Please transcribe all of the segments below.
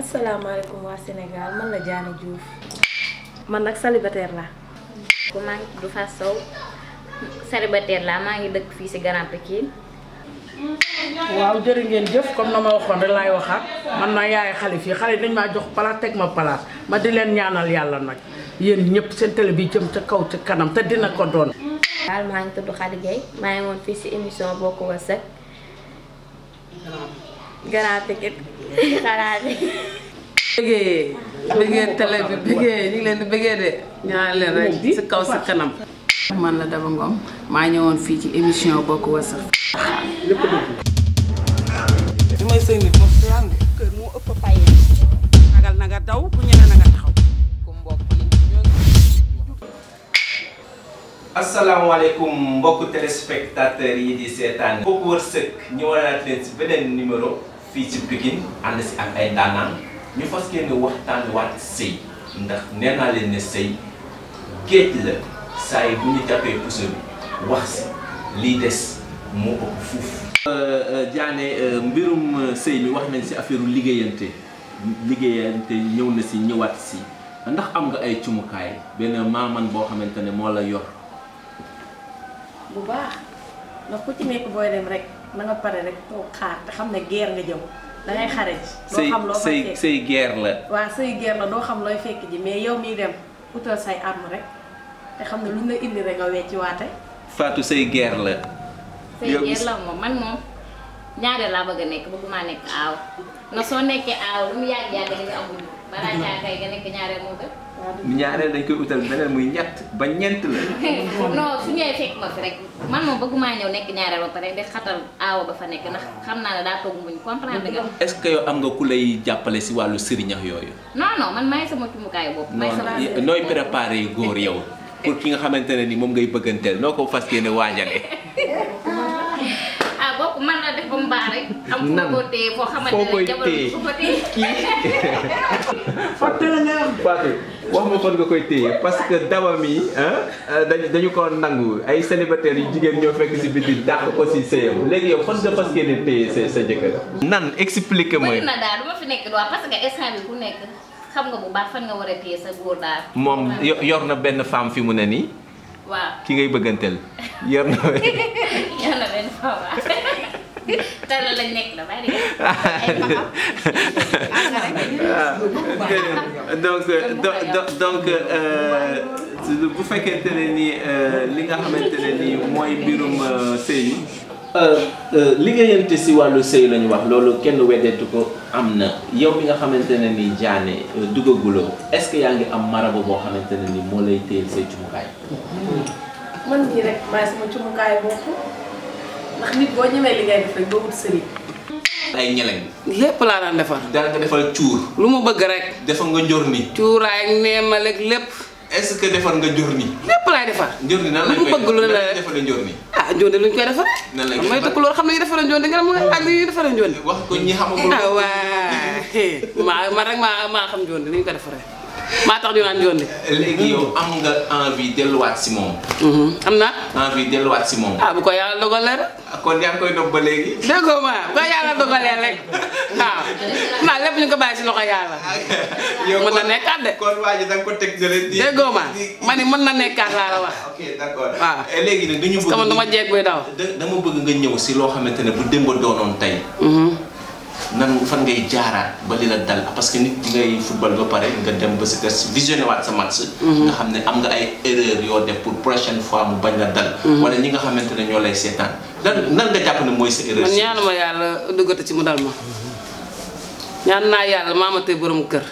asalaamaaleykum waa Sénégal man la Diané Diouf man nag célibataire la ku maa ngi tudd Fatou Sow célibataire laa maa ngi dëkk fii ci Grand Pikine. waaw jërë ngeen jëf comme na ma waxoon rek laay waxaat man naa yaay xale fii xale dañ maa jox palaas teg ma palaas ma di leen ñaanal yàlla nag yéen ñëpp seen télé bi jëm ca kaw ca kanam te dina ko doon. daal maa ngi tudd Khady maa ngi woon fii si émission Bokk Wërsëg Grand Pikine. bëggee bëggee télé bi bëggee ñu leen bëggee de ñaan leen rek si kaw si kanam man la Daba Ngom maa ñëwoon fii ci émission bokk wasa li may sëy ku ñeme na taxaw asalaamaaleykum mbokk téléspectateurs yi di leen si beneen numéro fii ci Pikine ànd si ak ay daanaan ñu fas yéene waxtaan waat sëy ndax nee naa leen ne sëy géej la saa yi bu ñu jàppee puso bi wax si lii des moo ëpp fuuf. Euh, euh, Diané euh, mbirum sëy mi wax nañ si affaire liggéeyante liggéeyante ñëw na si ñëwaat si ndax am nga ay cumukaay benn maaman boo xamante ne moo la yor. bu baax ndax ku ci nekk booy dem rek. na nga pare rek toog xaar te xam ne guerre nga jëm da ngay xare ji. say say guerre la. waaw say guerre la doo xam looy fekk ji mais yow miy dem utal say arme rek te xam ne lu nga indi rek nga wecci waate. Fatou say guerre la. say guerre la moom man moom ñaareel laa bëgg a nekk bëgguma nekk aaw na soo nekkee aaw lu mu yàgg yàgg di nga amul. balaa jaay kay nga nekk ñaareel moo gën. ñaareel dañ koy utal beneen muy ñett ba ñeent la. non su ñëwee fekk ma fi rek man moom bëgguma ñëw nekk ñaareel ba pare de xatal aawa ba fa nekk ndax xam naa ne daa toog muñ comprendre nga. est-ce que yow am nga ku lay jàppale si wàllu sëriñax yooyu. non man maay sama cumukaayu bopp. maay sama nooy préparé góor yow pour ki nga xamante ne nii moom ngay bëgganteel noo ko fas yéene waajale mbaa rek am popoté boo xamante ne jabaru popoté kii fàtte la nga am Fatou mi dañu dañu ko nangu ay célibataires yu jigéen ñoo fekk si biti dàq ko si sëyam léegi yow fan nga fas yéene téye sa sa jëkkër nan explique mooy na daal du ma fi fan nga war a téye sa na benn femme fi mu ne nii waaw ki ngay bëgganteel yor na yor na benn te loolu lañ nekk la donc donc donc bu fekkente ne nii li nga xamante ne nii mooy mbirum euh, sëy. Euh, euh, liggéeyante si wàllu sëy lañuy wax loolu kenn weddeetu ko am na yow bi nga xamante ne nii jaane duggaguloo est yaa ngi am marabo boo xamante ne nii moo lay téyel say cumukaay. man mii rek maay sama cumukaay bopp. ndax nit boo ñëwee li ngay def rek doo wut sëriñ ay ñeleñ lépp iya, laa daan defal daan nga defal cuur lu mu bëgg rek defal nga njor ni cuuraay neemal ak lépp est ce que defal nga njor ni lépp laay defal njor ni nan lañ koy bëgg lu ne la defal njor ni ah jonde luñ koy defal nan lañ koy may tekk lool xam na ñu defal jonde nga mo ak ñu defal jonde wax ko ñi xamagul ah waa ma ma rek maa tax ñu naan yónni. léegi yow am nga envie delluwaat si moom. Mm-hmm. am na. envie delluwaat si moom. ah bu ko yàlla dogalee rek. Ah, kon yaa ngi koy dog ba léegi. déggoo ma bu ko yàlla dogalee rek waaw ah. naa lépp ko bàyyi si loxo yàlla. yow mën na nekkaat de. kon waa ji da nga ko teg jëlee. déggoo ma ma ni mën na nekkaat laa la wax. Ah, ok d'accord waaw eh, léegi nag dañu bëgg. sama dama jeeg buy daw. dama bëgg nga ñëw si loo xamante ne bu démb doonoon tey. Mm-hmm. nan fan ngay jaaraat ba li la dal ah, parce que nit ngay football ba pare nga dem ba si kër visionné waat sa match. Mhm. nga xam ne am nga ay erreur yoo def pour prochaine fois mu bañ la dal. Mhm. wala ñi nga xamante ne ñoo lay seetaan lan nan nga jàpp ne mooy sa erreur. man ñaanu ma yàlla duggata ci mu dal ma mhm. ñaan naa yàlla maa ma tey borom kër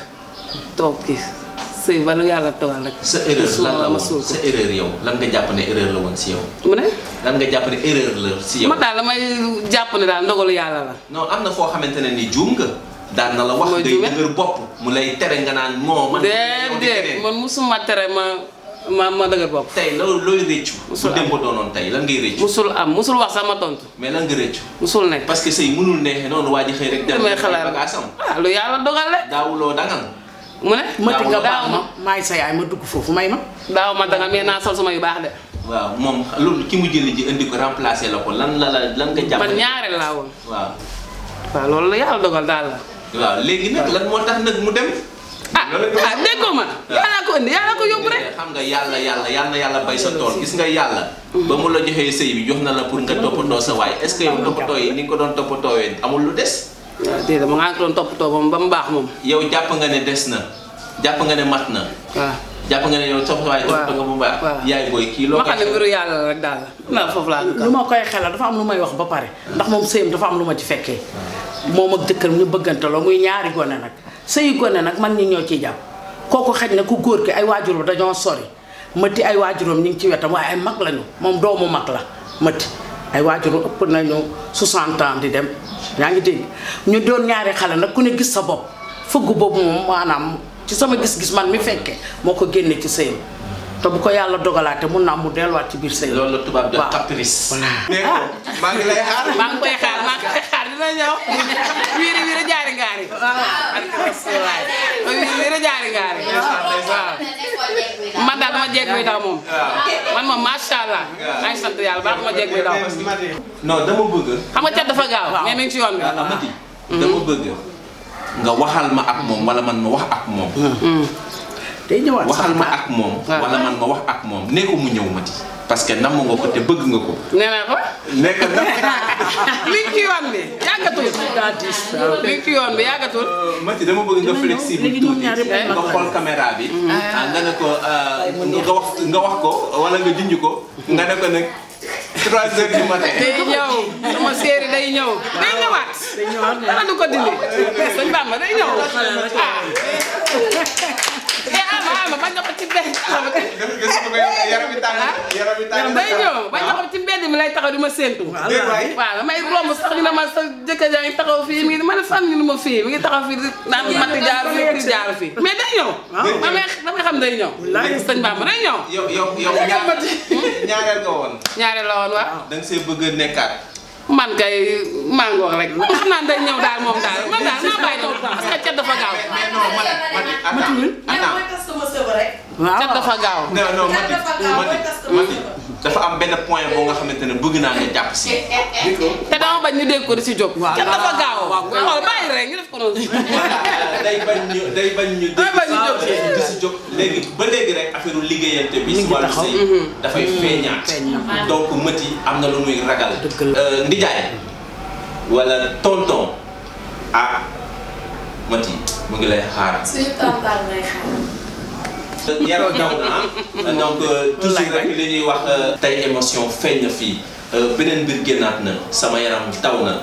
toog kii. sëy ba lu yàlla dogal rek. sa erreur lan la woon sa erreur yow lan nga jàpp ne erreur la woon si yow. mu ne. lan nga jàpp ne erreur la si yow. ma daal damay jàpp ne daal ndogalu yàlla la. non am na foo ni juum nga. daan na la wax day ya? dëgër bopp mu lay tere nga naan moo man. déedéet man musuma tere ma ma ma dëgër bopp. tey loolu looy rëccu. musul am su dem ba doonoon tey lan ngay rëccu. musul am musul wax sama tontu. mais lan nga rëccu. musul nekk parce que sëy mënul neexee noonu waa ji rek. dem bagaasam. ah lu yàlla ya dogal la. daawuloo dangal. mu ne mënti nga baax ma maay sa yaay ma dugg foofu may ma. daaw ma danga mais naa sol sama yu baax de. waaw moom lu ki mu jëlee ji indi ko remplacé la ko lan la lan nga. jàpp man ñaareel laa woon. waaw. loolu la yàlla dogal daal la. waaw léegi nag lan moo tax nag mu dem. ah ah déggoo ma. yàlla ko indi yàlla ko yóbbu rek. Eh, xam nga yàlla yàlla yàlla yàlla bay sa tool gis nga yàlla. ba mu la joxee sëy bi jox na la pour nga toppatoo sa waay est-ce que yow toppatoo yi ni nga ko doon toppatoowee amul lu des. te dama nga top toppatoo moom ba yow jàpp nga ne des na jàpp nga ne mat na waaw nga ne yow soxlaay toppatoo nga lu koy xelal dafa am lu wax pare ndax moom sëyam dafa am lu ci fekkee moom ak dëkkam ñu bëggantaloo muy ñaari gone nak sëyu gone nak mag ñi ñoo ciy jàpp kooku xaj ku góor ki ay waajuram dañoo sori mëtti ay waajuram ñu ci wetam ay lañu doomu la ay nañu di dem yaa ngi dégg ñu doon ñaari xale nag ku ne gis sa bopp fëgg boobu moom maanaam ci sama gis-gis man mi fekkee moo ko génne ci sëyam te bu ko yàlla dogalaate mun naa mu delluwaat ci biir sëy loolu la tubaab de caprice ah. maa ngi koy xaar maa ngi koy xaar dina ñëw wiiri wiiri jaari ngaari wiiri wiiri jaari ngaari man daal dama jeeg buy daw moom. Ah. man moom macha allah. waaw ah. maa yàlla baax ma jeeg buy daw. non dama bëgg. xam nga cat dafa gaaw mais mi ngi ci yoon bi. Ah, amati hmm? nga waxal ma ak moom wala man ma wax ak moom. Hmm. Hmm. day ñëwaat waxal ma ak moom. wala man ma wax ak moom ne ko mu ñëw mati. parce que namm nga ko te bëgg nga ko. nee ko. nee na ko. nga euh, flexible tuuti nga xool ah. Ah, nga ko euh, nga wax ko wala nga junj ko. nga ne ko nag. day ñëw sama séeri day ñëw day ñëwaat day ko dindi sëñ Bamba day ñëw ma bañ nga ko ci benn taxaw. yaram bi tàng yaram bi tàng bay ñëw bañ nga ko ci mbedd mi lay taxaw di ma séentu. waaw damay romb sax ñu ne ma sa jëkkër yaa ngi taxaw fii mi ngi ma ne fan ni ma fii mi ngi taxaw fii naan matt jaar fii di jaar fii mais day ñëw. damay damay xam day ñëw. sëñ Bamba day ñëw. ñaareel nga woon. ñaareel la woon waaw. da nga see bëgg nekkaat. man kay. màngoor rek la xam naa day ñëw daal moom daal man daal naa bàyyi toog parce que cat dafa gaaw. mais non man man cat dafa gaaw. non non dafa am benn point boo nga xamante ne bëgg naa nga jàpp si. Eh, eh, eh, te dama bañ ñu dégg ko di si jóg. waaw cat dafa gaaw waaw xool bàyyi rek ñu def ko noonu. day bañ ñu day bañ ñu. day bañ ñu jóg di si jóg léegi ba léegi rek affaire liggéeyante bi. si wàllu sëy mm-hmm. dafay mm-hmm. feeñaat donc mëti am na lu muy ragal. dëgg la euh, ndijaay wala tonton ah Mati mu ngi lay xaar. suñu tonton lay yaram daw na donc euh, toujours rek li ñuy wax. Euh, tey émotion feeñ fii euh, beneen mbir génnaat na sama yaram taw na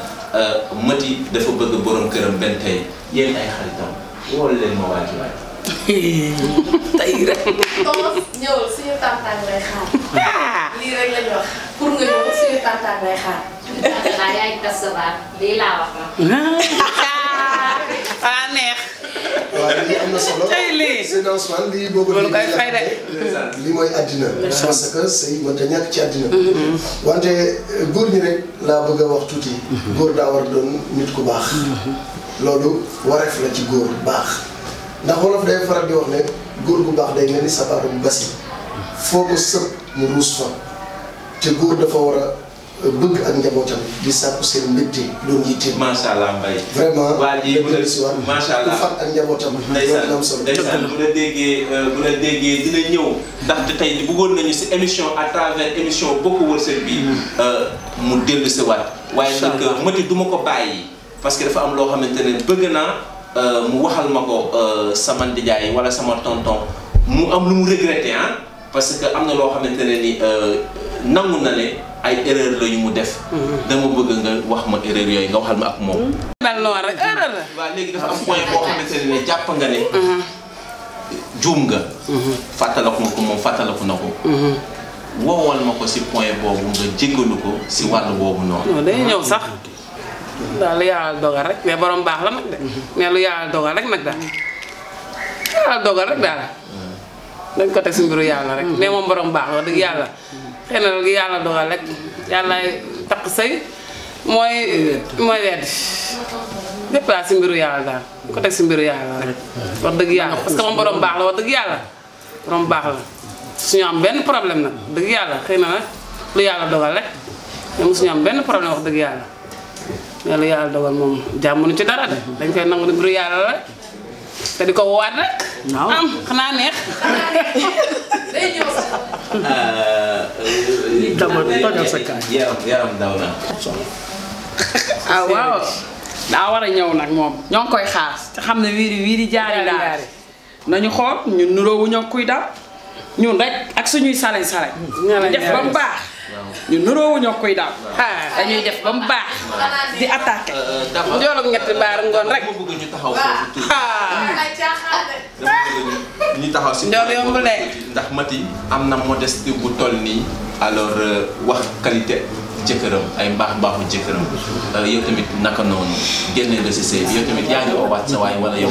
Mati dafa bëgg borom këram benn tey yéen ay xaritam wóolu leen ma waaj waaj. tey rek. Thomas ñëwal ah. laa wax ah. ah neex. waaw lii am na solo tey lii sëñ Ousmane moo boobu lii ñàkk ci àddina mm-hmm. wante eh, góor ñi rek laa bëgg a wax tuuti mm-hmm. góor daa war a doon nit ku baax mm-hmm. loolu wareef la ci góor baax ndax wolof day faral di wax ne góor bu baax day mel ni sababu bu basi foo ko sëpp mu ruus fa te góor dafa war a bëgg ak njabootam di sàkku seen mbégte loolu yitte. macha allah Mbaye. vraiment waa lii bu la si waat macha allah ku ak njabootam. ndeysaan ndeysaan bu la déggee euh, bu la déggee dina ñëw. ndaxte tey bëggoon nañu si émission à travers émission bokk wërsëg bi. Hmm. Euh, mu dellu si waat. waaye nag euh, mëti duma ko bàyyi. parce que dafa am loo xamante ne bëgg naa. Euh, mu waxal ma ko euh, sama ndijaay wala sama tonton mu am lu mu regretté ah parce que am na loo xamante ne ni euh, nangu na ne ay erreur yu mu def. Mm-hmm. dama bëgg nga wax ma erreur yooyu nga waxal ma ak moom. Mm-hmm. mel noonu rek erreur la. waaw point nga ne. Mm-hmm. nga. fàttaliku ma ko na ko. woowal ma ko si point boobu nga jéggalu ko si wàll boobu noonu. day ñëw sax. daal yàlla dogal rek mais borom baax la nag de mais lu yàlla dogal rek nag daal yàlla dogal rek daal dañ ko teg si mbiru yàlla rek mais moom borom baax la dëgg yàlla xëy na nag yàlla dogal rek yàllaay taq sëy mooy mooy wedd lépp daal si mbiru yàlla daal ko teg si mbiru yàlla rek wax dëgg yàlla parce que borom la wax borom la suñu am problème lu rek am problème wax yalla yalla dogal mom jàmm ci dara de dañ koy nangul bu yalla la te diko war rek. am xana neex. day ñëw sax. li dama tojal sa kaay. yaram yaram daw na. ah waaw. da wara ñew nak mom ñong koy xaar. te jaari nañu wu ñoo kuy ñun rek ak suñuy def baax. ñu nuróowu ñoo koy daal. dañuy def ba mu baax. di attaqué. Euh, euh, dama ñetti baar ngoon rek. Euh, bëgg ñu taxaw foofu tuuti. si. njool yomb lekk ndax Mati am na modestie bu toll nii. alors wax qualité jëkkëram ay mbaax mbaaxu jëkkëram yow tamit naka noonu génne la si sëy bi yow tamit yaa ngi woowaat sa waay wala yow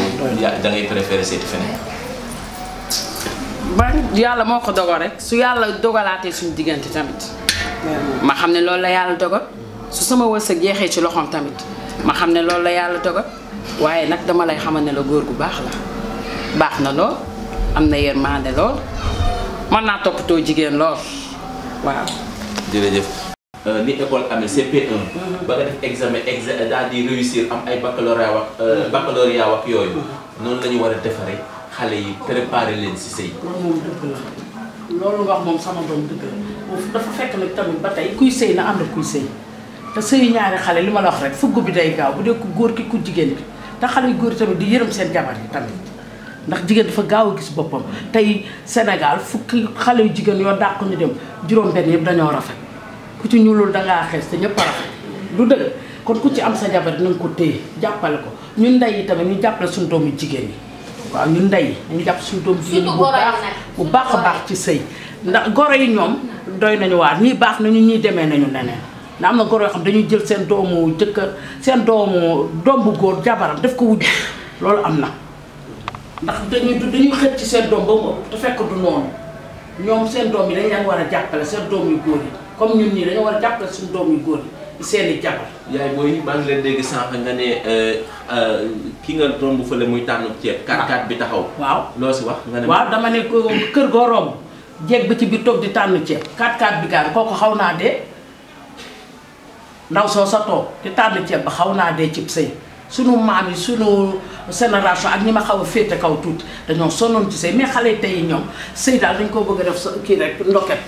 préféré seeti feneen. ba yàlla moo ko dogal rek su yàlla dogalaatee suñu diggante tamit. ma xam ne loolu la yàlla dogal su sama wërsëg jeexee ci loxoom tamit ma xam ne loolu la yàlla dogal waaye nag dama lay xamal ne la góor gu baax la baax na lool am na yërmande lool mën naa too jigéen lool waaw. jërëjëf. Euh, ni école amee cp mhm. examen daal di réussir am ay baccalauréat wax euh, mhm. baccalauréat wax yooyu. Mhm. noonu la war a defaree xale yi préparer leen si sëy. foofu dafa fekk nag tamit ba tey kuy sëy na ànd kuy sëy te sëyu ñaari xale li ma la wax rek fugg bi day gaaw bu dee ku góor ki ku jigéen ki te xale yu góor yi tamit di yërëm seen jabar yi tamit ndax jigéen dafa gaaw a gis boppam tey senegal fukki xale yu jigéen yoo dàq ñu dem juróom-benn yëpp dañoo rafet ku ci ñuulul dangaa xees te ñëpp a rafet du dëgg kon ku ci am sa jabar na nga ko téye jàppale ko ñun ndey yi tamit ñu jàppale suñu doomu jigéen yi waaw ñun ndey yi ñu jàpp suñu doomu jigéen yi bu baax bu baax a baax ci sëy ndax goro yi ñoom doy nañu waar nii baax nañu ñii demee nañu neneen na am na góor xam dañuy jël seen doomu jëkkër seen doomu doom bu góor jabaram daf ko wujj loolu am na ndax dañuy du dañuy xëcc seen doom ba mu ëpp te fekk du noonu ñoom seen doom yi dañ leen war a jàppale seen doom yu góor yi comme ñun ñii dañoo war a jàppale suñu doom yu góor yi seen i jabar yaay booy maa ngi leen dégg sànq nga ne euh, euh, ki nga romb fële muy tànn ceeb. waaw 4 4 bi taxaw. waaw loo si wax nga ne. waaw dama ne kër goo romb jeeg ba ci biir toog di tànn ceeb 4-4 bi gaar kooku xaw naa dee ndaw soo sa toog di tànn ceeb ba xaw naa dee cib sëy sunu maam yi sunu génération ak ñi ma xaw a féete kaw tuuti dañoo sonnoon ci sëy mais xale yi tey ñoom sëy daal dañ koo bëgg a def sa kii rek ndoket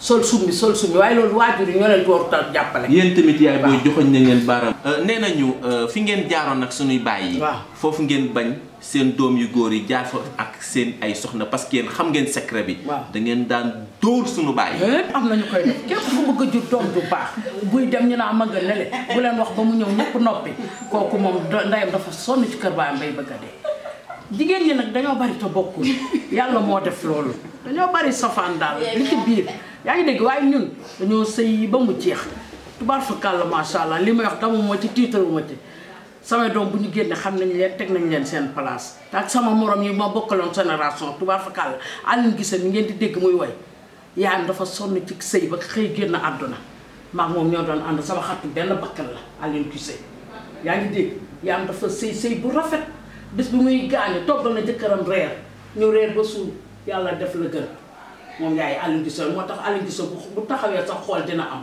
sol summi sol summi waaye loolu waajur yi ñoo leen war a jàppale. yéen tamit yaay booy joxoñ nañ leen baaram. Euh, nee nañu euh, fi ngeen jaaroon nag suñuy baay yi. waaw foofu ngeen bañ. seen doom yu góor yi jaar fa ak seen ay soxna parce que yéen xam ngeen secret bi. da ngeen daan dóor suñu bàyyi. am na ñu koy def képp ku bëgg a jur doom ju baax buy dem ñu naa ma nga nele bu leen wax ba mu ñëw ñëpp noppi kooku moom ndeyam dafa sonn ci kër baayam bay bëgg a dee. jigéen ñi nag dañoo bari te bokkul yàlla moo def loolu dañoo bari sofaan daal li ci biir yaa ngi dégg waaye ñun dañoo sëy ba mu jeex tubaar fa kàlla macha allah li may wax dama moo ci tiitaru ma ci. samay doom bu ñu génne xam nañu leen teg nañ leen seen place te sama morom yi ma bokkaloon génération tubaab fakàll Aline Guissé mi ngeen di dégg muy woy yaayam dafa sonn ci sëy ba xëy génn àdduna maag moom ñoo doon ànd sama xatu benn bakkan la Aline Guissé yaa ngi dégg yaayam dafa sëy sëy bu rafet bis bu muy gaañu toggal na jëkkëram reer ñu reer ba suur yàlla def la gën moom yaay Aline Guissé moo tax Aline Guissé bu taxawee sax xool dina am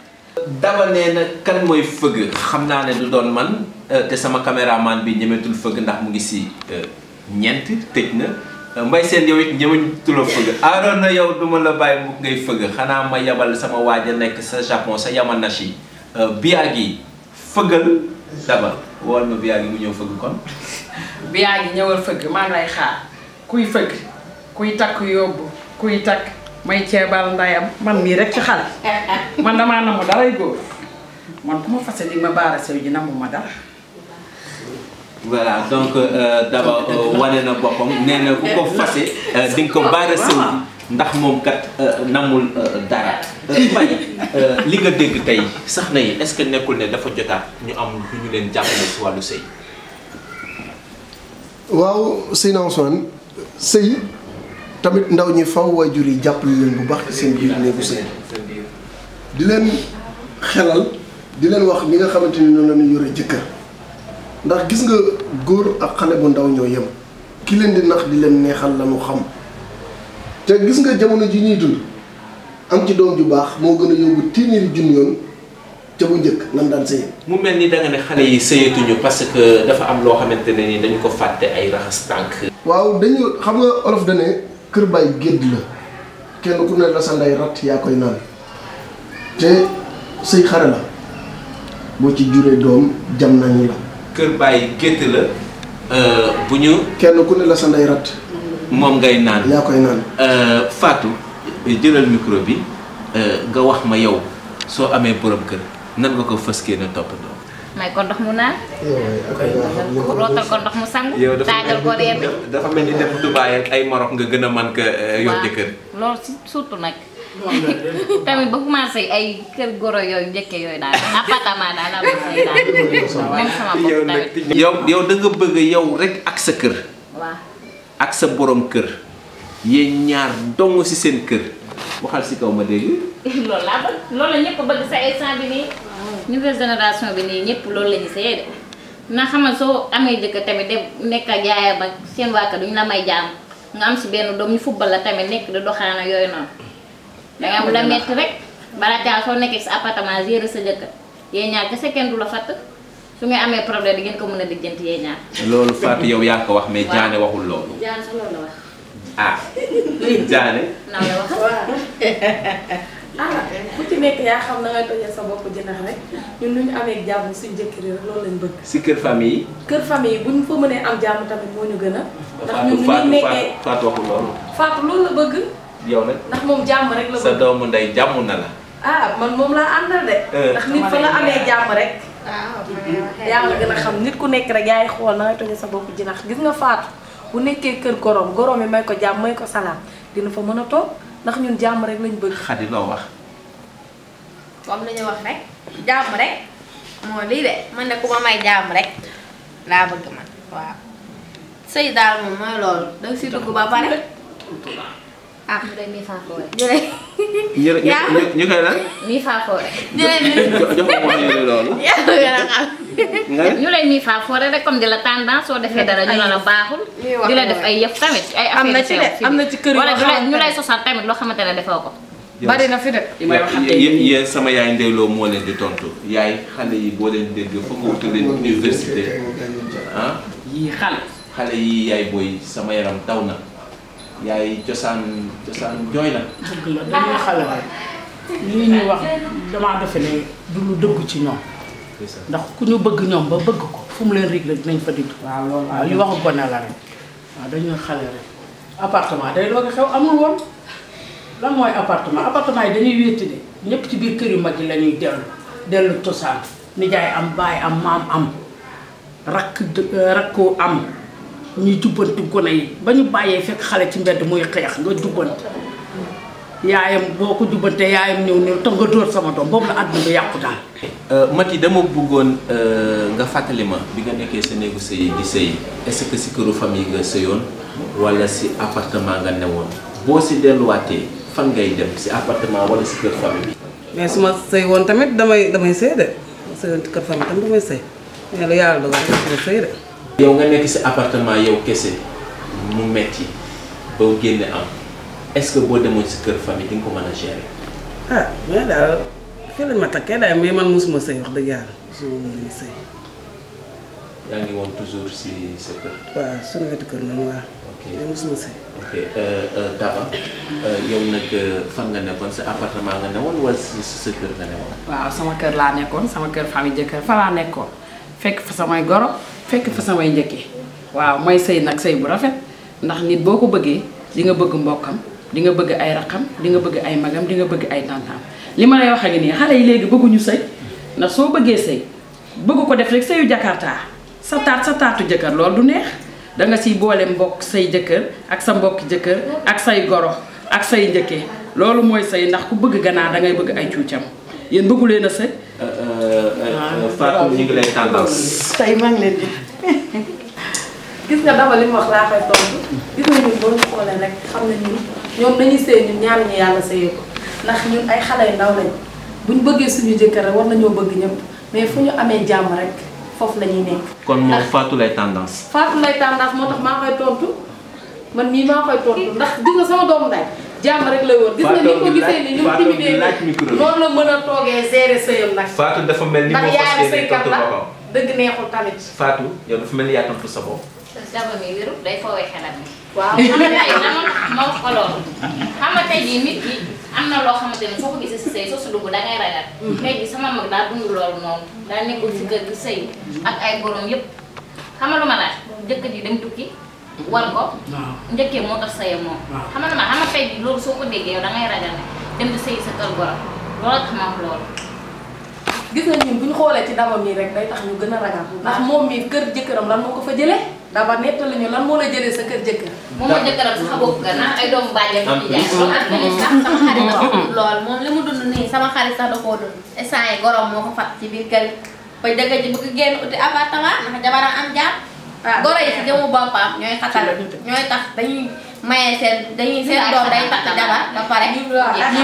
daba nee kan mooy fëgg xam naa ne du doon man euh, te sama caméraman bi ñemetul fëgg ndax mu ngi si euh, ñeent tëj na euh, mbay seen yow it ñëwuñu fëgg aaroon na yow duma la bàyyi mu ngay fëgg xanaa ma yabal sama waaj a nekk sa japon sa yamanashi biyaa gi fëggal daba wool ma biyaa gi mu ñëw fëgg kon biyaa ñëwal fëgg maa ngi xaar kuy fëgg kuy takk yóbbu kuy takk may ceebal ndayam man mii rek ci xale man damaa namu daray góor man ku ma fase li ma baara sew ji namu ma dara voilà donc euh, d'abord euh, wane na boppam nee ku ko fase euh, di nga ko baara sew ndax moom kat namul dara Mbaye li nga dégg tey sax na yi est-ce que nekkul ne dafa jotaat ñu am lu ñu leen jàppale si wàllu sëy waaw sëy na sëy tamit ndaw ñi faaw waajur yi jàppale leen bu baax seen biir néegu seen di leen xelal di leen wax li nga xamanteni ni noonu la ñu yore jëkkër ndax gis nga góor ak xale bu ndaw ñoo yem ki leen di nax di leen neexal la ñu xam te gis nga jamono ji ñuy dund am ci doom ju baax moo gën a yóbbu téeméeri junni yoon ca bu njëkk nan daan sëy mu mel ni da nga ne xale yi sëyatuñu parce que dafa am loo xamante ne ni dañu ko fàtte ay raxas tànk waaw dañu xam nga olof da ne kër baay gédd la kenn ku ne la sa ndey rat yaa koy naan te sëy xare la boo ci juree doom jam nañu la kër baay gédd la euh, bu ñu kenn ku ne la sa ndey rat moom ngay naan yaa koy naan euh, Fatou jëlal micro bi euh, nga wax ma yow soo amee borom kër nan nga ko fëskee na toppatoo may kondox mu naan. rootal kondox mu sang. taajal ko reer bi dafa mel ni def Dubaay ay Maroc nga gën a mën ka yor jëkkër. loolu si surtout nag. tamit ba ay kër goro yooyu njëkke yooyu nah. apa appartement daal laa bëgg say daal même sama bopp tamit. yow yow da nga bëgg yow rek ak sa kër. waaw ak sa borom kër. dong si seen kër waxal ci kaw ma dégg. loolu laa bëgg loolu la ñëpp bëgg sa instant bi nii. nouvelle génération bi nii ñëpp loolu la ñu see de na xamal soo amee dëkk tamit de nekk ak yaayam ba seen waa duñ la may jaam nga am si benn doom ñu fubal la tamit nekk di doxaana yooyu noonu. da nga am la metti rek balaa caa soo nekkee sa appartement gérer sa dëkk yéen ñaar kese kenn du la fatt su ngay amee problème di ngeen ko mën a lijjanti yéen ñaar. loolu Fatou yow yaa ko wax mais Diané waxul loolu. Diané sa loolu la wax. ah. jaane. Ah, ku ci nekk yaa xam na tojee sa bopp jënax rek ñun ñu amee jàmm suñu jëkkër rek loolu lañ bëgg. si kër famille. kër famille bu ñu fa mënee am jàmm tamit moo ñu gën a. ndax ñun ñu ngi nekkee Fatou bëgg. yow nag ndax moom jàmm rek la bëgg. sa doomu ndey jàmm na la. ah man moom laa àndal de. Euh. ndax nit fa nga amee jàmm rek. waaw ah, yàlla gën a xam nit ku nekk rek yaay xool na ngay tojee sa bopp jinax gis nga Fatou bu nekkee kër goroom goroom yi may ko jàmm may ko salaam dina fa mën a toog ndax ñun jàmm rek lañ bëgg. xadi loo wax. moom la ñu wax rek jàmm rek moo lii de man ne ku ma may jàmm rek laa bëgg man waaw sëy daal mooy loolu. danga si dugg ba pare. ah ñu lay mi faafoore. ñu lay. ñu ñu ñu koy lan. mi faafoore. rek comme di la soo defee dara ñu la baaxul. di la def ay yëf tamit ay affaire am na ci kër yoo xamante wala ñu lay sosal tamit loo xamante ne defoo ko. bari na fi de. yéen sama yaay ndeyloo moo leen di tontu yaay xale yi boo leen dégg foog nga wutal leen université ah. xale. xale yi yaay booy sama yaram taw na. yaay ciosan ciosan joy la dëgg la dañuy xale rek lii ñu wax dama defe ne du lu dëgg ci ñoom ndax ku ñu bëgg ñom ba bëgg ko fu mu leen rig rek dinañ fa digg waaw loolu waaw li ko na la rek waaw dañuy xale rek appartement day loo xew amul woon lan moy appartement appartement dañuy wétti de ñepp ci biir kër yu mag lañuy la ñuy dellu ni jaay am baay am maam am rak rakku am ñuy jubbantu gone yi ba ñu bàyyee fekk xale ci mbedd muy xeex nga jubbant yaayam boo ko jubbante yaayam ñëw ñëw tax nga dóor sama doom boobu la àdduna bi yàqu daal. Euh, Mati dama bëggoon euh, nga fàttali ma bi nga nekkee sa néegu sëy di sëy est si këru famille nga sëyoon walla si appartement nga newoon boo si delluwaatee fan ngay dem si appartement walla si kër famille. mais su ma sëy woon tamit damay damay sëy de sëy woon kër famille tamit damay sëy mais lu yow nga nekk sa appartement yow kese mu metti ba génne am est boo demoon si kër famille di nga ko man a gérer. ah mais ma takkee daal mais man mosuma sëy wax dëgg mosuma sëy. yaa ngi woon toujours si sa kër. waaw suñu wetu kër noonu waaw. ok mais mosuma sëy. ok euh, euh, Daba euh, yow nag fan nga nekkoon sa appartement nga newoon wala si sa kër nga newoon. waaw sama kër laa nekkoon sama kër famille jëkkër fa laa nekkoon. fekk fa samay goro fekk fa samay njëkke waaw mooy sëy nag sëy bu rafet ndax nit boo ko bëggee di nga bëgg mbokkam di nga bëgg ay raqam di nga bëgg ay magam di nga bëgg ay tàntaam li ma lay wax ak nii xale yi léegi bëgguñu sëy ndax soo bëggee sëy bëgg ko def rek sëyu jakartaa sa taat sa taatu jëkkër loolu du neex da nga siy boole mbokk say jëkkër ak sa mbokki jëkkër ak say goro ak say njëkke loolu mooy sëy ndax ku bëgg ganaar dangay bëgg ay cuucam Fatou ñu ngi lay tendance. tey maa ngi leen gis nga dama li mu wax laa koy tontu gis nga ñun boo ñu xoolee rek xam nañ ni ñoom dañuy sëy ñun ñaan ñu yàlla sëyee ko ndax ñun ay xale yu ndaw lañ buñ bëggee suñu jëkkër rek war nañoo bëgg ñëpp mais fu ñu amee jàmm rek foofu la ñuy nekk. kon moom Fatou lay tendance. Fatou lay tendance moo tax maa koy tontu man mii maa koy tontu ndax gis nga sama doomu ndey. jàmm rek lay woon. gis nga ni ko gisee ni ñu timidee noonu la mën a toogee gérer sëyam nag. Fatou dafa mel ni moo fas yéene tontu boppam dëgg neexul tamit. Fatou xam nga tey moo nit ki am na loo xamante ne soo ko gisee si sëy soo si dugg da ngay ragal. Mm-hmm. sama mag daa dund loolu noonu daa nekkul si kër gi sëy ak ay borom yëpp xam ma laaj jëkkër ji dem tukki. warga, ko njëkkee moo tax sëyam moom xam Hama ma xam na fekk loolu orang ko déggee ne dem di sëy sa kër borom loolu tax gis nga ñun bu ñu xoolee ci daba rek day tax ñu gën a ragal ndax moom mii kër jëkkëram lan moo ko fa jëlee daba nettali ñu lan moo la di sama xarit la lool moom li mu dund sama xarit sax da koo dund instant yi gorom moo ko fat ci biir kër ba dëgg ji bëgg am waaw ah, goro yi si jëmu ñooy xatal ñooy tax dañuy maye seen dañuy seen doom day takk jabar ba pare ñuy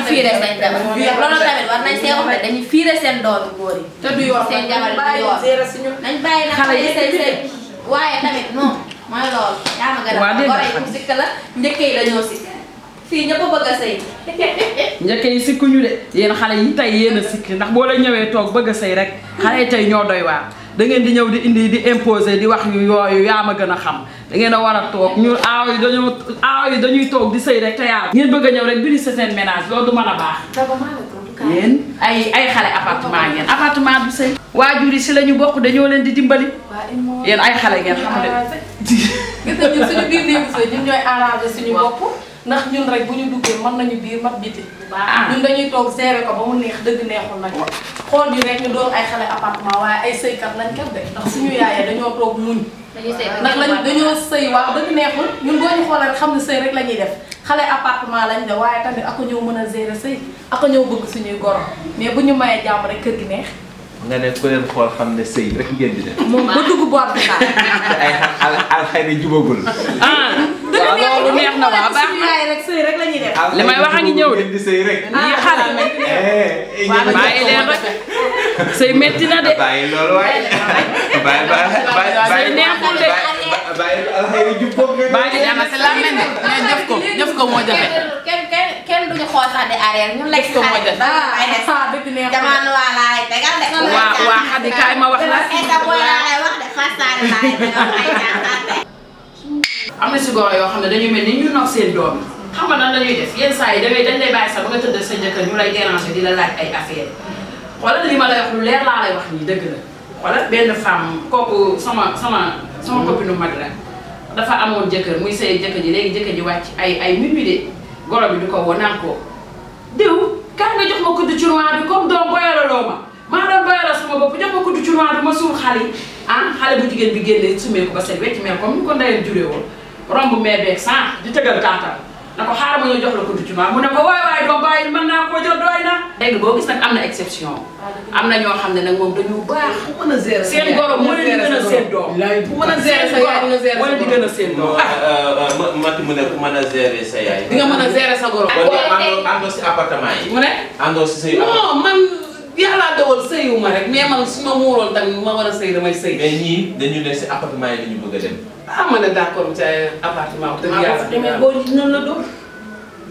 fiire seen jabar nañ see wax dañuy fiire seen doomu góor te du yoon seen jabar du yoon nañ bàyyi nag xale yi ma gën a goro yi sikk la njëkk yi dañoo sikk fii ñëpp a bëgg a sëy. njëkk de yéen xale yi tey yéen a sikk ndax boo la ñëwee toog bëgg a sëy rek xale yi tey ñoo doy waar. da ngeen di ñëw di indi di imposer di wax yu yooyu yaa ma gën a xam da ngeen a war a toog ñu aaw yi dañoo aaw dañuy toog di sëy rek te yaa ngeen bëgg a ñëw rek biri sa seen ménage loolu du mën a baax yéen ay ay xale appartement ngeen appartement du sëy waajur yi si la ñu bokk dañoo leen di dimbali yéen ay xale ngeen xam ne gis nañu suñu biir néegu sëy ñun ñooy arrangé suñu bopp ndax ñun rek bu ñu duggee mën nañu biir mat biti ah. ñun dañuy toog seere ko ba mu neex dëgg neexul nag xool bi rek ñu doon ay xale appartement waaye ay sëykat lañ kat de ndax suñu yaayee dañoo toog muñ ndax lañ dañoo sëy waaw dëgg neexul ñun boo ñu xoolee xam ne sëy rek la def xale appartement lañ de waaye tamit ako ñëw mën a gérer sëy ako ñëw bëgg suñuy goro mais bu ñu mayee jàmm rek kër gi neex nga ne ku leen xool xam ne sëy rek ngeen di def. moom ba dugg boor bi sax. te ay al alxayri jubagul. ah waaw loolu neex na waa baax na rek sëy rek la ñuy def. li may wax a ngi ñëw de di sëy rek. ñi xale. bàyyi leen rek. sëy metti na de. bàyyi loolu waay. bàyyi bàyyi bàyyi neexul de. bàyyi alxayri jub boobu ngeen. dama si lan def ko def ko moo jafe. kenn duñu xool waa am na si goro yoo xam ne dañu mel ni ñu nox seen doom xam na nan la ñuy def yenn saa yi demee dañ lay bàyyi sax ba jëkkër ñu lay déranger di la laaj ay affaire xoolal li ma lay wax leer laa wax nii dëgg la xoolal benn femme kooku sama sama sama copine mag la dafa amoon jëkkër muy say jëkkër ji léegi jëkkër ji wàcc ay ay goro bi di ko woo naan ko diw kan nga jox ma kuddu curuwaa bi comme doom boyalaloo ma maa doon boyalal suma bopp jox ma kuddu curuwaa bi ma suul xale yi ah xale bu jigéen bi génnee sumee ko ba set wecc mais comme ni ko ndeyam juree woon romb mee beeg sànq di tëgal taatam na ko xaaral ma ñëw jox la ko document mu ne ko waay waay doom bàyyi mën naa koo jël doy na. léegi boo gis nag am na exception am na ñoo xam ne nag moom dañu baax. ku mën a gérer seen goro mooy di gën a seen doom. laay ku mën a gérer sa yaay di gën a seen doom. Ah, euh, euh, Mati mu ne ku mën a gérer sa yaay. di nga mën a gérer sa goro. kon àndoo si appartement yi. mu ne àndoo si say. non man. yàllaa dogal sëyiwuma rek mais man su ma muuroon tamit ma war a sëy damay sëy. mais ñii dañu ne si appartement yi dañu bëgg a dem. ah ma ne d' accord ci appartement bi. dëgg yàlla demee góor ñi dinañ la dóor.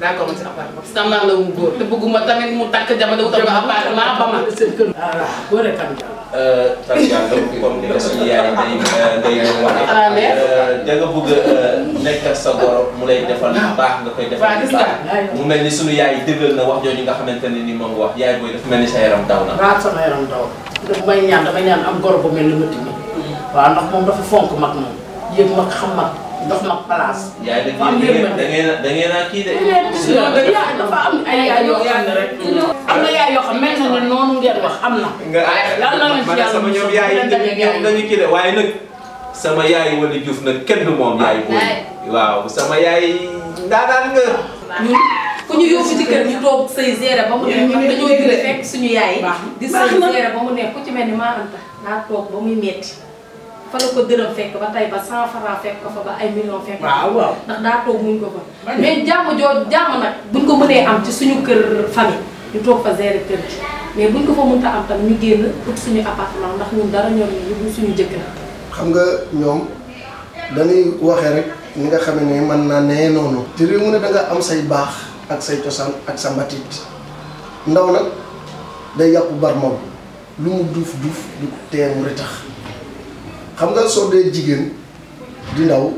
d' accord ci appartement parce que am naa la wu góor. te bëgguma mu takk jamono wutal ma appartement ba ma. voilà góor a Tatiana comme ni la suñu yaay da nga bëgg a nekk ak sa goro mu lay defal lu baax nga koy defal lu baax mu mel ni suñu yaay dëggal na wax jooju nga xamante ne ni moom nga wax yaay booy dafa mel ni sa yaram daw na waaw sama yaram daw daf may ñaan damay ñaan am goro bu mel ni mëtt mi waaw ndax moom dafa fonk mag moom xam mag jox la place. am yërmande yaay da da ngeen a kii de. dafa am ay yaay yoo xam ne rek. am na yaay yoo xam mel na ne noonu ngeen wax am na. lan la ngeen ci yàlla sama ñoom yaay yi dañu kii de waaye nag. sama yaay Wally Diouf nag kenn moom yaay boobu. waaw sama yaay ndaanaan nga. ku ñu yóbbu ci kër ñu toog sëy gérer ba mu ne dañoo jëlee fekk suñu yaay. di sëy gérer ba mu ne ku ci mel ni maa anta daa toog ba muy metti fa la ko dërëm fekk ba tey ba cent franc fekk ko fa ba ay million fekk waaw waaw ndax daa toog muñ ko fa mais jàmm joo jàmm nag buñ ko mënee am ci suñu kër famille ñu toog fa gérer am tam ñu génn ut suñu appartement ndax ñun dara ñoom ñu yóbbu suñu jëkkër xam nga ñoom dañuy waxee rek ni nga xam ne man naa nee noonu te réew mu ne da nga am say baax ak say cosaan ak sa mbatit ndaw nag day yàqu bar lu mu duuf duuf du teemu retax xam nga soo de jigéen di ndaw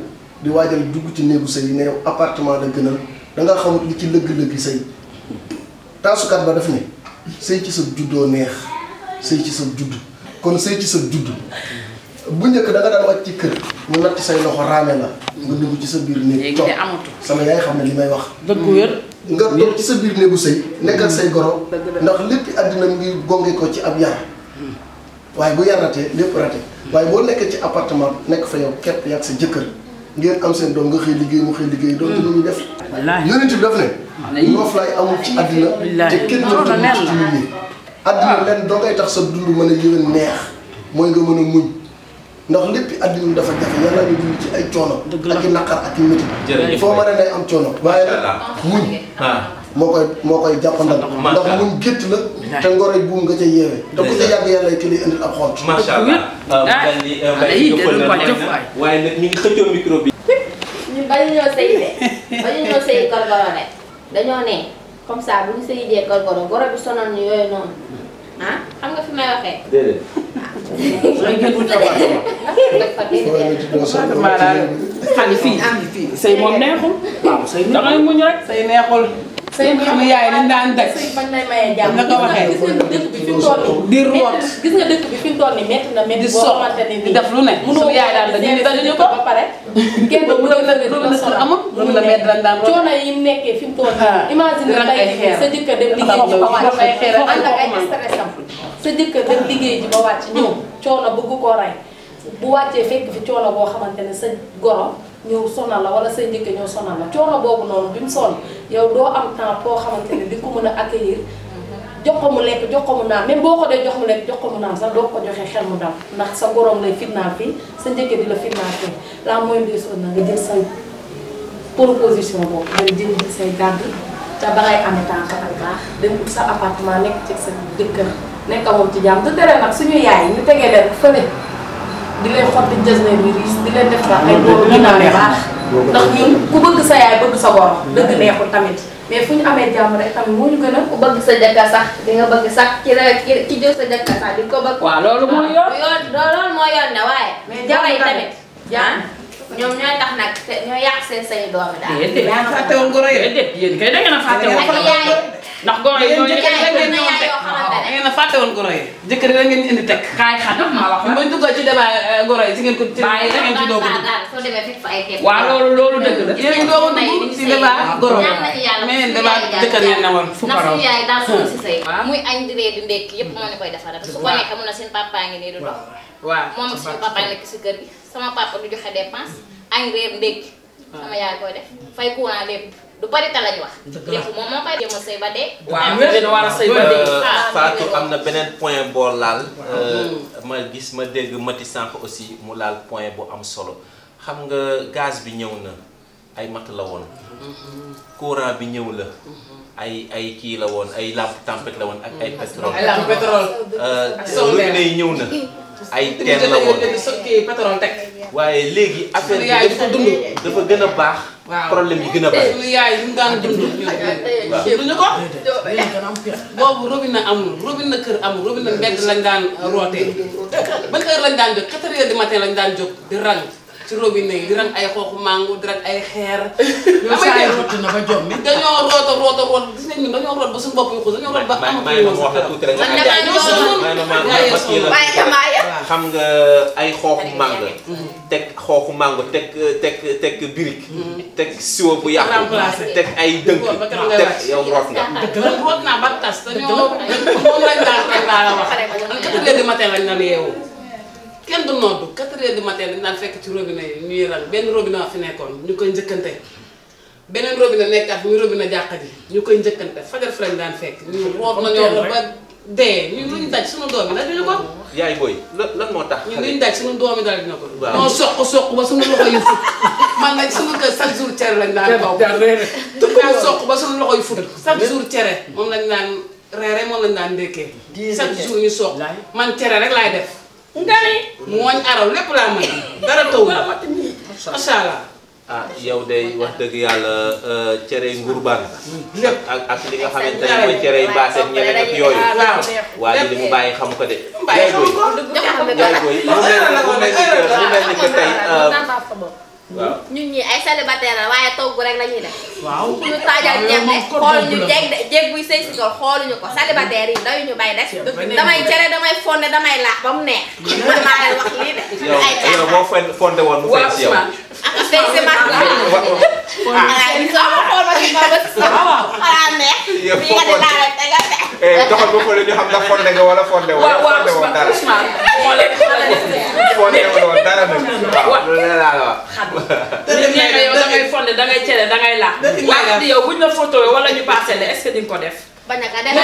di waajal dugg ci néegu sëy ne yow appartement la gënal danga nga xamut li ci lëgg-lëgg sëy taasukat ba daf ne sëy ci sa juddoo neex sëy ci sa judd kon sëy ci sa judd bu njëkk da nga daan wàcc ci kër mu natt say loxo raame la nga dugg ci sa biir néeg toog sama xam ne li may wax dëgg wér nga ci sa biir néegu sëy nekkal say goro ndax lépp àddina mu ngi gonge ko ci ab yar hmm. waaye bu yaratee lépp rate waaye boo nekkee ci appartement nekk fa yow képp yàgg sa jëkkër ngir am seen doom nga xëy liggéey mu xëy liggéey doom hmm. te ñu def yonent bi daf ne nooflaay amul ci àddina te kenn jëfandikoo ci nit ñi àddina ah. leen doo ngay tax sa dund mën a yëwén neex mooy nga mën a muñ ndax lépp àddina dafa jafe yàlla ñu dund ci ay coono ak i naqar ak i métti foo mën a day am coono waaye nag muñ ah. moo koy moo koy jàppandal. ndax mun gétt la. te ngoroy buum nga ca yeewee. te bu ca yàgg yàlla ci lay indil ab xont. macha allah ah, ah, euh, waaye nag ñu ngi xëccoo micro bi. ñun bañu ñoo de bañu dañoo ne comme ça bu ñu sëy jee gorgoro goro bi sonal yooyu noonu ah xam nga fi may waxee. déedéet. ah. ah moom neexul. waaw muñ rek sëy neexul. sama yaay dañ daan daj bañ lay maye jàmm na dëkk bi fi mu toll bi fi na métti boo xamante def lu ne mënoo yaay daan bu la la amul lu la daan coono mu nekkee fi mu toll nii ah. imagine tey sa jëkkër liggéey ji ba wàcc ay sa jëkkër liggéey ji ba wàcc ñëw coono bëgg koo rey bu wàccee fekk fi coono boo xamante ne sa goro ñëw sonal la wala say njëkke ñëw sonal la coono boobu noonu bi mu sonn yow doo am temps boo xamante ne di ko mën a accueillir jox ko mu lekk jox ko mu naan boo ko dee jox mu lekk jox ko mu naan sax doo ko joxee xel mu dal ndax sa gorom lay fitnaal fii sa njëkke di la fitnaal fii la moindre des choses na nga jël say proposition boobu nga jël say gàdd te ba ngay amee temps baax dem sa appartement nekk ci sa jëkkër nekk moom ci jàmm du tere nag suñu yaay ñu tegee leen fële di leen xotti jasne bi riis di leen def ay boobu ñu naan baax ndax ñun ku bëgg sa yaay bëgg sa gor mm. dëgg neexul tamit mais fu ñu amee jàmm rek tamit moo ñu gën ku bëgg sa jëkka sax di nga bëgg sax ci rek ci jël sa jëkka sax di ko bëgg waaw loolu moo ah, yoon yoon loolu moo yoon ne waaye jabar yi tamit ya ñoom ñooy tax nag ñooy yàq seen say doom kay da ndax goro yi ngeen ñëwoon a fàtte woon goro yi jëkkër la ngeen indi teg kaay xam bu ñu duggoo ci ngeen ko ci ngeen ci doogu dugg waaw loolu loolu dëgg si débat goro mais yéen débat jëkkër ngeen ne woon fu karaw yaay daal sunu si muy añ di reer di yëpp koy defaral su ko nekk mun na seen papa ngi nii du dox waaw moom ak suñu papa nekk si kër gi sama papa du joxe dépense añ yaay koy def fay courant lépp du parité lañu wax. lépp a sëy ah, am na beneen point boo laal. Euh, ma gis ma dégg Mati sànq aussi mu laal point bu am solo xam nga gaz bi ñëw na ay mat la woon. courant bi ñëw la. ay ay kii la woon ay lampe tempête la woon ak ay pétrole. ay lampe pétrole. Euh, ñëw na. ay teen la woon waaye léegi affaire bi dafa dund dafa gën a baax. problème yi gën a bari. suñu yaay yi ñu daan dund. dunduñu ko. boobu robinet amul na kër amul na mbedd lañ daan rootee. ban heure lañ daan jóg quatre heures du matin daan jóg di rang. ci robinet di rang ay xooxu mango di rang ay xeer. yow saa yi rott na ba jom dañoo rooto rooto root gis nañ ñun dañoo root ba suñu bopp yu xuus dañoo root ba. am ak yow sa kër xam nga ay xooxu mango. Mm-hmm. teg xooxu mango teg teg tek birik. Mm-hmm. tek siwo bu yàqu. tek ay dënk kan tek yow root nga. root naa ba tas dañoo moom lañ daan teg la wax. an quatre heures du matin lañ na yeewu kenn du nootu quatre heures du matin dañ daan fekk ci robinet yi ñuy rang benn robinet fi nekkoon ñu koy njëkkante beneen robinet nekkaat ñu robinet jàkka ji ñu koy njëkkante fajar fi lañ daan fekk ñu root nañoo la ba dee ñu luñ daj suñu doom yi ko yaay booy lan moo tax ñu luñ daj suñu doom yi daj ñu ko moo soq soq ba suñu loxo yu fut man nag suñu kër jour cere lañ daan kaw tukaa soq ba suñu loxo yu cere moom lañ daan reere moom lañ daan ndékkee chaque jour ñu soq man cere rek laay def nga ni. mooñ araw lépp laa mën dara taw. macha allah. ah yow de wax dëgg yàlla euh, cere ngurbaan. lépp ak ak li nga xamante ne mooy cere baase ñebe ak yooyu. Ah, waaye li mu bàyyi xam ko de. yaay booy yaay mu mel ni que tey. Euh, waaw ñun ñii ay célibataire la waaye togg rek la ñuy def. waaw ñu taajal ñebe xooluñu jéeg de jéeg ñu sëy si tool xooluñu ko célibataire yi dayuñu bay def. damay cere damay fonde damay laax ba mu neex. man maa leen wax lii de. ay cere yow boo fonde woon mu fay si yow. tey c' est ma. xool ñu xam ndax fonde nga wala fonde wala. fonde woon dara waaw dara nag. dangay fonde dangay cere dangay laaj. dëgg yow buñ la photo eh, wala ñu passé la est-ce a di nga ko def. bañ a ka def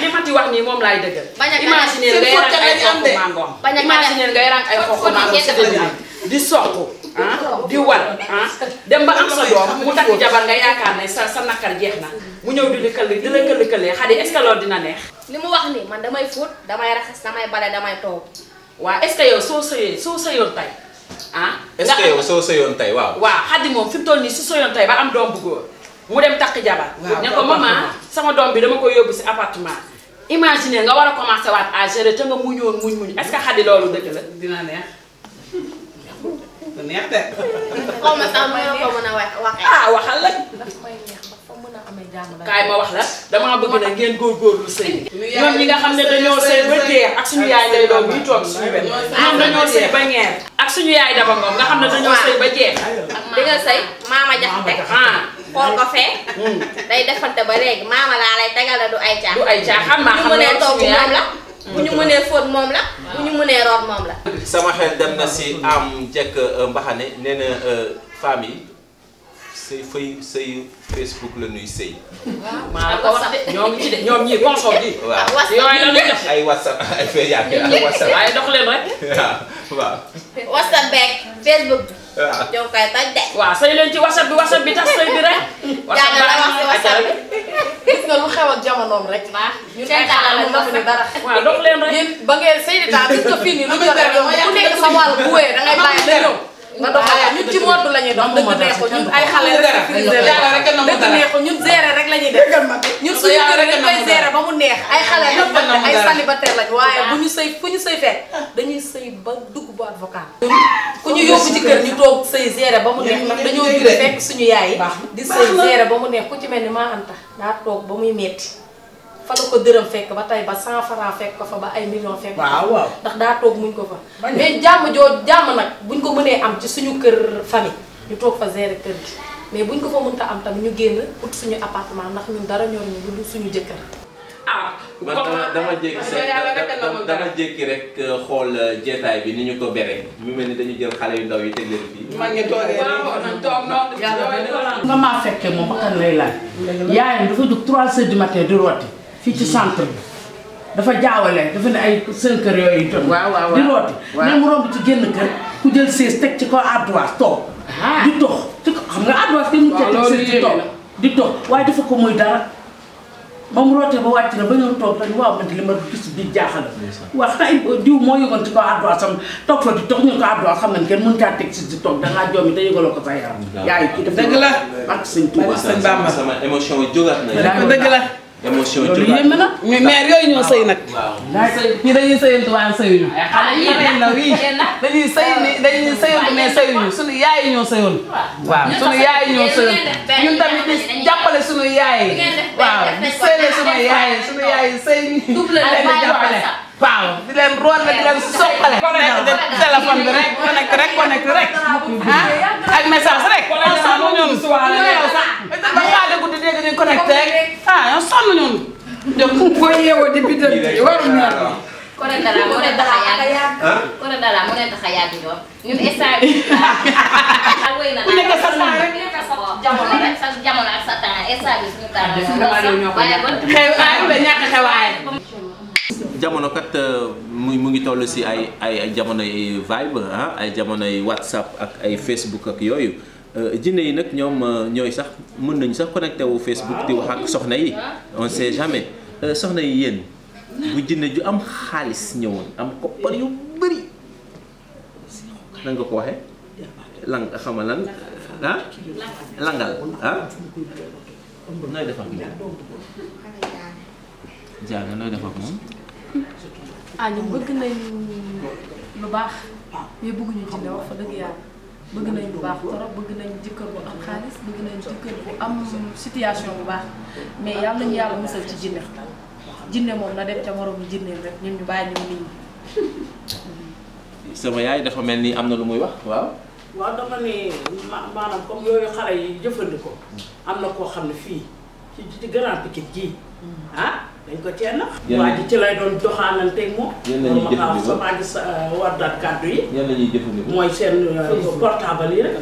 li ma ti wax nii moom laay dëggal. bañ a ka def imaginer ngay rang ay xoxu mango. imaginer ngay rang ay xoxu mango di soq ah di wal ah dem ba am sa doom mu takk jabar nga yaakaar ne sa sa nakar jeex na mu ñëw di la këll di la këll këllee xale est-ce que loolu dina neex. li mu wax ni man damay fóot damay raxas damay bale damay toog. waaw est-ce que yow soo sëyee soo sëyoon tey ah. est-ce que yow soo sëyoon tey waaw. waaw xaddi moom fi mu toll nii su sëyoon tey ba am doom bu góor mu dem takk jabar. ne ko maman sama doom bi dama koy yóbbu si appartement. imagine nga war a commencer waat à gérer te nga muñoon muñ muñ est-ce que xaddi loolu dëgg la dina neex. lu neex de. xaw ko mën a waxee. ah waxal la. daf may neex la. kaay ma wax la damaa bëgg na ngeen góorgóorlu sëy. ñoom ñi nga xam ne dañoo sëy ba dee ak suñu yaay lay doom yi toog suñu wet. ñoom dañoo sëy ba ñeer. ak suñu yaay dama ngoom nga xam ne dañoo sëy ba jeex. di a sëy maama jaxate xool ko fee. day defante ba léegi maama laa lay tegal la du ay caaxaan. du ay caaxaan maa xam ne bu ñu mënee fóot moom la bu ñu mënee root moom la sama xel dem na si am jekk euh, mbaxane nee na euh, femme yi sëy fay sëyu Facebook la nuy sëy waaw ko wax de de ñoom ñii consort bi waaw yooyu la ñuy ay whatsapp ay fay yàgg waaw waaw Facebook waaw yow kay toj de. waaw sëy leen ci whatsapp bi whatsapp bi tax sëy bi rek. whatsapp bi wax ci whatsapp nga lu xew ak jamonoom rek. waaw ñun ay xaaral ñu doxul dara. waaw dox leen rek. ba ngeen sëy di taal gis nga fii nii lu jot rek yow ku nekk sa wàll bu wéyee da ngay bàyyi lépp. ma doxalee ñun ci mode la ñuy dox dëgg neexu ñun ay xale rek dëgg neexu ñun gérer rek la ñuy def ñun suñu kër rek koy gérer ba mu neex ay xale rek ay waaye bu ñu sëy fu ñu sëy fekk dañuy sëy ba dugg bu avocat ku ñu yóbbu ci kër ñu toog sëy gérer ba mu neex dañoo jure fekk suñu yaay yi di sëy gérer ba mu neex ku ci mel ni maa am tax daa toog ba muy metti fa la ko dërëm fekk ba tey ba cent franc fekk ko fa ba ay million fekk waaw waaw ndax daa toog muñ ko fa mais jàmm joo jàmm nag buñ ko mënee am ci suñu kër famille ñu toog fa gérer kër gi mais buñ ko fa mënta am tamit ñu génn ut suñu appartement ndax ñun dara ñor ñu lu suñu jëkkër ah man dama jékki sax dama jékki rek euh, xool euh, jeetaay bi ni ñu ko bere. mu mel ni dañu jël xale yu ndaw yi teg leen fii. man nga toogee rek nga maa fekkee moom bakkan lay laaj. yaayam dafa jug 3 heures du matin di rooti. fii ci centre bi dafa jaawale dafa ne ay seen kër yooyu itam. waaw waaw di rooti. waaw ne mu romb ci génn kër ku jël sées teg ci ko ardoise toog. Ah. di dox ci xam nga ardoise kenn mu teg sées ci di dox waaye dafa ko muy dara. ba mu rootee ba wàcc na ba ñëw toog dañu waaw man li ma gis bi jaaxal waaw xay diw moo yëgoon ci kaw adduwaat sam toog fa di toog ñu ko adduwaat xam nañ kenn mën caa teg si di toog dangaa joomi te yëgaloo sa yaram yaay ki def dëgg la ak sëñ Tuuba sama émotion émotion ci loolu yéeme na mais mère yooyu ñoo sëy nag. ñi dañuy sëyantuwaan sëyuñu. ay xale yi dañuy sëy ni dañuy sëyantu mais sëyuñu sunu yaay yi ñoo sëyoon. waaw sunu yaay yi ñoo sëyoon ñun tamit di jàppale sunu yaay yi. waaw di sëyle sunu yaay yi sunu yaay yi sëy ñu. leen di jàppale. waaw di leen root la di leen soppale telepon bi rek connecté rek connecté ha? ak message rek on sonn ñun yow sax ba xaale guddi dégg ñu connecté rek ah on sonn ñun donc boo yeewoo di bidal waru ñaar Kore dara mo ne taxa yàgg. Kore dara mo ne taxa yàgg ñoom. Ñun instant bi. Ak wéy na. Ku nekk sa temps rek. Jamono rek sa jamono jamono kat euh, mu mu ngi toll si ay ay ay jamonoy Viber ah ay jamonoy WhatsApp ak ay Facebook ak yooyu euh, jinne yi nag ñoom euh, ñooy sax mën nañu sax connecté wu Facebook di wax ak soxna yi on sait jamais soxna yi yéen bu jinne ju am xaalis ñëwoon am koppar yu bëri nan ko waxee lang xama lan ah langal ah def jaana nooy def moom ah bëgg nañ lu baax mais bëgguñu ci wax fa dëgg yàlla bëgg nañ lu baax trop bëgg nañ jëkkër bu am xaalis bëgg nañ jëkkër bu am situation bu baax mais yàlla nañu yàlla musal ci jinne jinne moom na dem ca moromu jinne rek ñun ñu bàyyi ñu nit ñi. sama yaay dafa mel ni am na lu muy wax waaw. waaw dama maa maanaam comme yooyu xale yi jëfandikoo am na koo xam ne fii ci ci Grand Pikine gii. Hmm. ah dañ ko ci na waji ci lay doon doxanante ak mom yeen dat kaddu yi yeen lañuy jëf ni moy seen euh, portable yi rek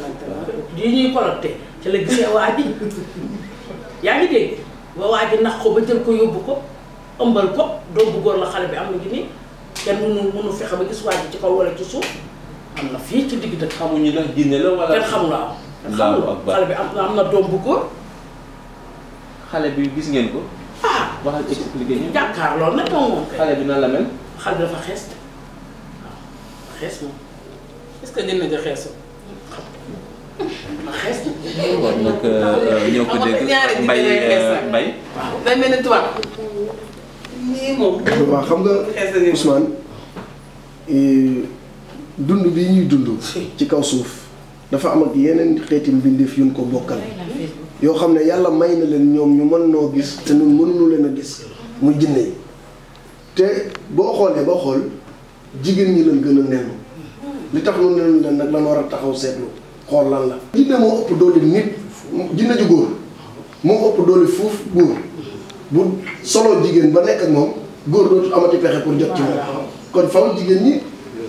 yi ñuy collecté ci la gisé waji yaangi dégg do bu gor la am ngi ni kenn mënu mënu fexé ba gis waji ci am na fi ci digg dëkk xamuñu ndax jinné la wala kenn xamul am am na doom bu gor xalé bi gis ngeen ko waxal expliqué ñu. jàkkaarloo nag moom. xale la mel. xale bi dafa xees waaw xees moom est euh, euh, xam nga Ousmane eh, dund bi ñuy dund. ci kaw suuf dafa am ak yeneen xeeti mbindeef yu ko bokkal. yoo xam ne yàlla may na leen ñoom ñu mën noo gis te ñun mënuñu leen a gis muy jinne yi te boo xoolee ba xool jigéen ñi leen gën a nennu li tax ñu nennu leen nag lan war a taxaw seetlu xool lan la jinne moo ëpp doole nit jinne ju góor moo ëpp doole fuuf góor bu solo jigéen ba nekk ak moom góor dootul amati pexe pour jot ci moom kon faw jigéen ñi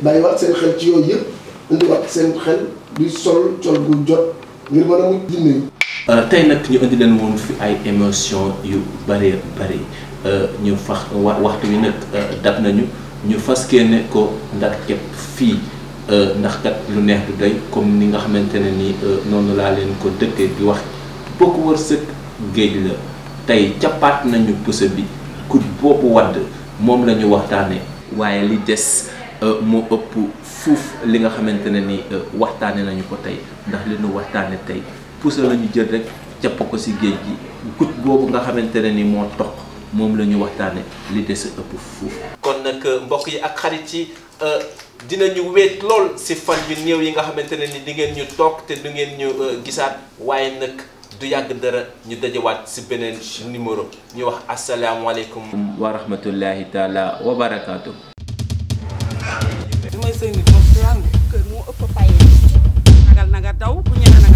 wax seen xel ci yooyu yëpp indiwaat seen xel bi sol sol bu jot ngir mën a mu jinne yi Euh, tey nag ñu indi leen woon fi ay émotion yu bëree bëri euh, ñu fax waxtu wi nag euh, dab nañu ñu fas ne ko ndax képp fii ndax kat lu neex du doy comme ni nga xamante ne ni noonu laa leen ko dëkkee di wax bokk wërsëg géej la tey cappaat nañu puso bi kut boobu wadd moom la ñu waxtaanee waaye li des moo ëpp fuuf li nga xamante ne ni waxtaane nañu ko tey ndax li ñu waxtaane tey pousser lañu jël rek capp ko ci geej gi gout bobu nga xamantene ni mo tok mom lañu waxtane li dess ëpp fuuf kon nak euh, mbokk yi ak xarit ci euh dinañu wéet lool ci fan bi néew yi nga xamantene ni di ngeen ñu tok te du ngeen ñu euh, gisaat waye nak du yag dara ñu dajewaat ci benen numéro ñu wax assalamu alaykum wa rahmatullahi taala wa barakatuh du may sëy nit moom si kër ëpp paye nagal na daw ku ñene